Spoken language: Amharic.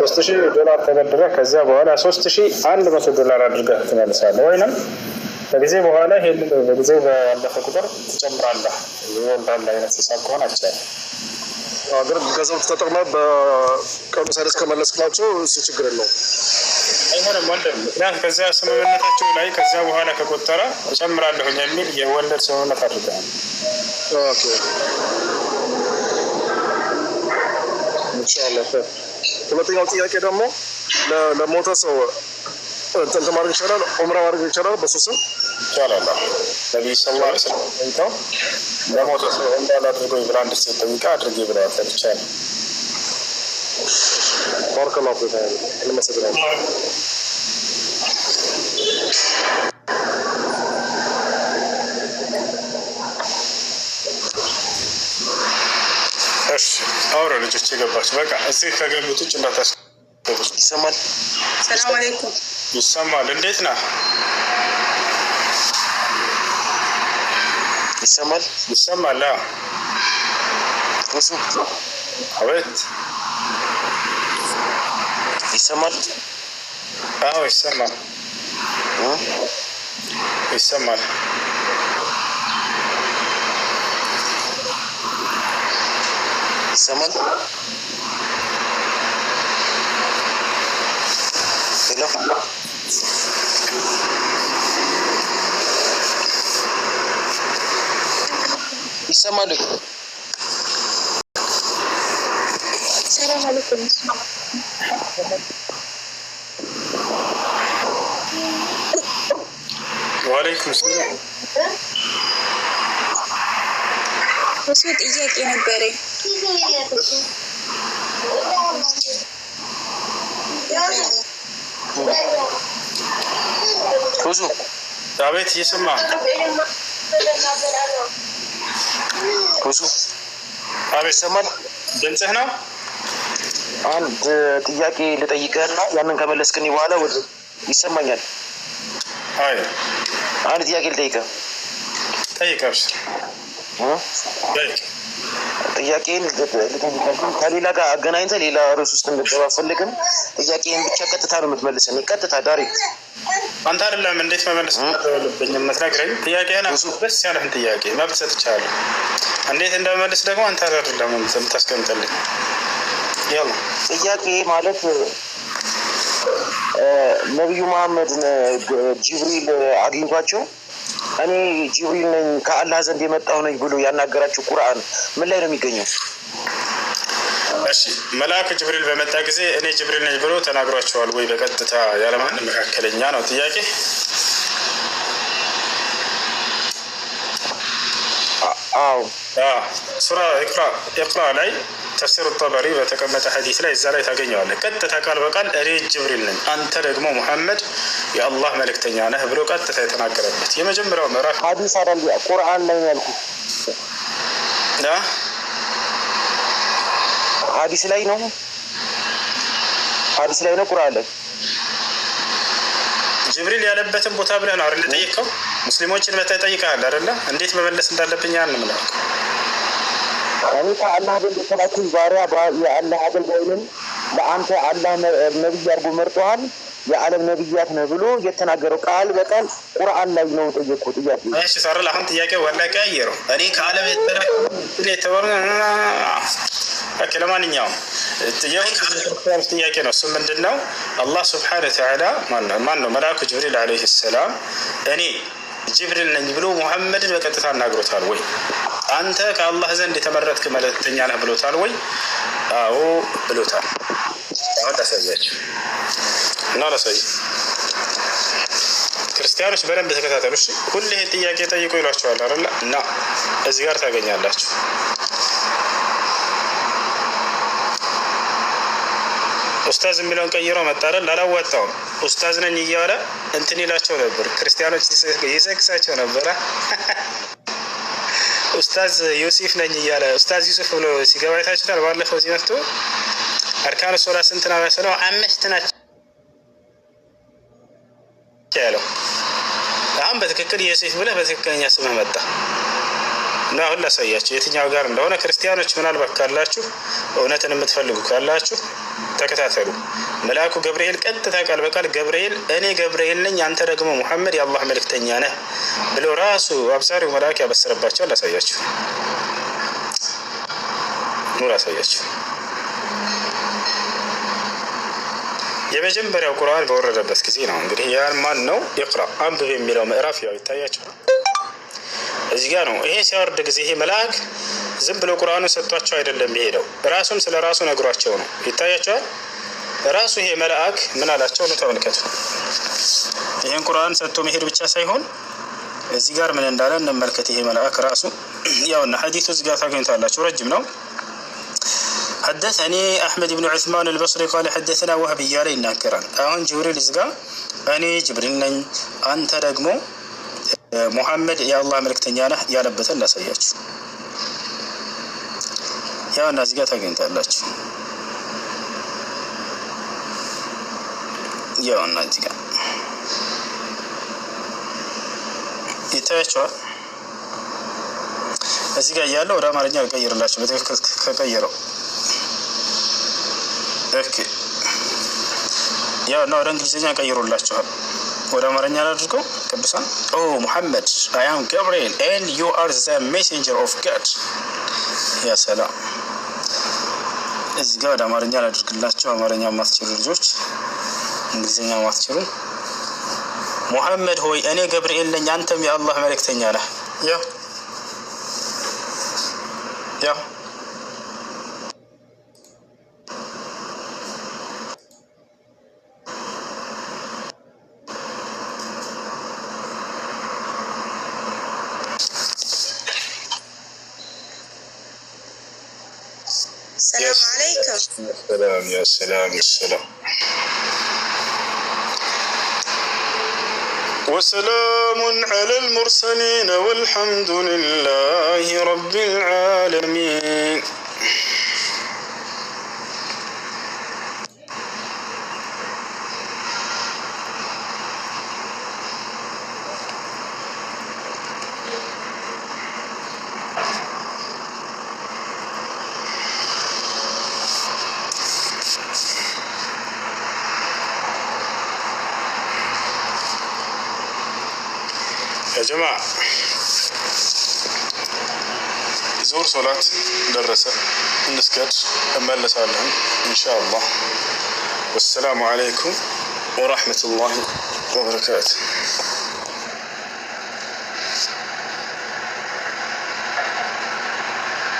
ሶስት ሺህ ዶላር ተበድረ ከዚያ በኋላ ሶስት ሺህ አንድ መቶ ዶላር አድርገ ትመልሳለህ። ወይንም በጊዜ በኋላ ይህን በጊዜው ባለፈ ቁጥር ትጨምራለህ። ወልዳለ አይነት ሂሳብ ከሆነ አቻለ ግን ገንዘብ ተጠቅመ በቀኑ ሳይደርስ ከመለስክላቸው እሱ ችግር የለውም። አይሆንም ወንድም፣ ምክንያቱም ከዚያ ስምምነታቸው ላይ ከዚያ በኋላ ከቆጠረ እጨምራለሁ የሚል የወለድ ስምምነት አድርገል ኢንሻላህ ሁለተኛው ጥያቄ ደግሞ ለሞተ ሰው እንትን ማድረግ ይቻላል፣ ዑምራ ማድረግ ይቻላል። በሱ ስም ይቻላል። ነቢዩ ስ ለሞተ ሰው ዑምራ ላድርገው ብላ አንድ ሴት ጠይቃ አድርጌ ብለዋል። ይቻላል። ባረከላ እንመሰግናለን። እሺ አውራ ልጆች የገባች በቃ እዚህ ከገቡት ውጭ እንዳታስ ይሰማል። ሰላም አለይኩም ይሰማል። እንዴት ና ይሰማል። ይሰማል። አቤት ይሰማል። አዎ ይሰማል። ይሰማል someone? Hello? Isa someone looking? Assalamualaikum. Waalaikumsalam. ራሱ ጥያቄ ነበረኝ። ብዙ አቤት፣ እየሰማ ብዙ አቤት፣ ሰማል ድምፅህ ነው። አንድ ጥያቄ ልጠይቅህና ያንን ከመለስክኝ በኋላ ወደ ይሰማኛል። አይ አንድ ጥያቄ ልጠይቅህ። ጠይቅ አብስር ጥያቄን ከሌላ ጋር አገናኝተ ሌላ ርዕስ ውስጥ እንድትገባ አልፈልግም። ጥያቄን ብቻ ቀጥታ ነው የምትመልሰኝ። ቀጥታ ዳይሬክት አንተ አይደለም እንዴት መመለስ ያለብኝ የምትነግረኝ ጥያቄህን ደስ ያለን ጥያቄ መብት ሰጥቻለሁ። እንዴት እንደመልስ ደግሞ አንተ አይደለም የምታስቀምጥልኝ። ያው ጥያቄ ማለት ነቢዩ መሐመድን ጅብሪል አግኝቷቸው እኔ ጅብሪል ነኝ ከአላህ ዘንድ የመጣሁ ነኝ ብሎ ያናገራችሁ ቁርአን ምን ላይ ነው የሚገኘው? እሺ መልአክ ጅብሪል በመጣ ጊዜ እኔ ጅብሪል ነኝ ብሎ ተናግሯቸዋል ወይ? በቀጥታ ያለማን መካከለኛ ነው ጥያቄ አዎ ሱራ ኢቅራ ላይ ተፍሲሩ ጠበሪ በተቀመጠ ሐዲስ ላይ እዛ ላይ ታገኘዋለህ። ቀጥታ ቃል በቃል እኔ ጅብሪል ነኝ፣ አንተ ደግሞ ሙሐመድ የአላህ መልእክተኛ ነህ ብሎ ቀጥታ የተናገረበት የመጀመሪያው ምዕራፍ ሐዲስ አይደል፣ ቁርአን ላይ ያልኩ ሐዲስ ላይ ነው። ሐዲስ ላይ ነው፣ ቁርአን ላይ ጅብሪል ያለበትን ቦታ ብለህ ነው አይደል ጠየቀው ሙስሊሞችን ጠይቀሃል አደለ እንዴት መመለስ እንዳለብኝ ያን ምለው እኔ ከአላህ በሰላችን ባሪያ የአላህ አገልጋይ ነኝ። ለአንተ አላህ ነብይ አድርጎ መርጠዋል። የዓለም ነብያት ነው ብሎ የተናገረው ቃል በቃል ቁርአን ላይ ነው። ጠየቁ ጥያቄ ሰር አሁን ጥያቄ ወላ ቀያየረው እኔ ከዓለም የተባሉ ለማንኛውም ጥያቄ ጥያቄ ነው። እሱ ምንድን ነው? አላህ ስብሓነ ወተዓላ ማን ነው? መልአኩ ጅብሪል ዓለይሂ ሰላም እኔ ጅብሪል ነኝ ብሎ ሙሐመድን በቀጥታ አናግሮታል ወይ? አንተ ከአላህ ዘንድ የተመረጥክ መልእክተኛ ነህ ብሎታል ወይ? አዎ ብሎታል። አሁን ላሳያችሁ እና ላሳይ ክርስቲያኖች በደንብ ተከታተሉ። ሁሌ ይህን ጥያቄ ጠይቁ ይሏቸዋል አለ እና እዚህ ጋር ታገኛላችሁ ኡስታዝ የሚለውን ቀይሮ መጣረል አላዋጣውም። ኡስታዝ ነኝ እያለ እንትን ይላቸው ነበር፣ ክርስቲያኖች ይዘግሳቸው ነበረ። ኡስታዝ ዩሲፍ ነኝ እያለ ኡስታዝ ዩሱፍ ብሎ ሲገባ ይታችኋል። ባለፈው እዚህ መጥቶ አርካኑ ሶላ ስንት ነው ያሰለው? አምስት ናቸው ያለው። አሁን በትክክል ዮሴፍ ብለህ በትክክለኛ ስምህ መጣ። እና አሁን ላሳያችሁ የትኛው ጋር እንደሆነ። ክርስቲያኖች ምናልባት ካላችሁ እውነትን የምትፈልጉ ካላችሁ ተከታተሉ። መልአኩ ገብርኤል ቀጥታ ቃል በቃል ገብርኤል እኔ ገብርኤል ነኝ፣ አንተ ደግሞ ሙሐመድ የአላህ መልእክተኛ ነህ ብሎ ራሱ አብሳሪው መልአክ ያበሰረባቸው ላሳያችሁ፣ አሳያችሁ። የመጀመሪያው ቁርአን በወረደበት ጊዜ ነው። እንግዲህ ያን ማን ነው ይቅራ አንብብ የሚለው ምዕራፍ ያው ይታያችኋል። እዚህ ጋር ነው። ይሄ ሲያወርድ ጊዜ ይሄ መልአክ ዝም ብሎ ቁርአኑ ሰጥቷቸው አይደለም የሄደው፣ ራሱም ስለ ራሱ ነግሯቸው ነው። ይታያቸዋል። ራሱ ይሄ መልአክ ምን አላቸው ነው? ተመልከቱ። ይህን ቁርአን ሰጥቶ መሄድ ብቻ ሳይሆን እዚህ ጋር ምን እንዳለ እንመልከት። ይሄ መልአክ ራሱ ያውና ሀዲቱ እዚህ ጋር ታገኙታላችሁ። ረጅም ነው። حدثني احمد بن عثمان البصري قال حدثنا ወህብ እያለ ይናገራል። አሁን جبريل እዚህ اني جبريل ጅብሪል ነኝ፣ አንተ ሙሐመድ የአላህ መልእክተኛ ነህ ያለበትን ላሳያችሁ። ያው እና እዚህ ጋ ታገኝታላችሁ። ያው እና እዚህ ጋ ይታያቸዋል። እዚህ ጋር እያለው ወደ አማርኛ አልቀይርላችሁ። በትክክል ከቀይረው ያው እና ወደ እንግሊዝኛ ቀይሮላችኋል። ወደ አማርኛ ላድርገው። ቅዱሳን ኦ ሙሐመድ አይ አም ገብርኤል ኤን ዩ አር ዘ ሜሴንጀር ኦፍ ጋድ። ያ ሰላም እዚህ ወደ አማርኛ ላድርግላቸው። አማርኛ ማትችሉ ልጆች እንግሊዝኛ ማትችሉ፣ ሙሐመድ ሆይ እኔ ገብርኤል ነኝ፣ አንተም የአላህ መልእክተኛ ነህ። ያ ያ السلام عليكم يا سلام يا سلام وسلام على المرسلين والحمد لله رب العالمين يا جماعة زور صلاة درسة نسكت أمالنا سالهم إن شاء الله والسلام عليكم ورحمة الله وبركاته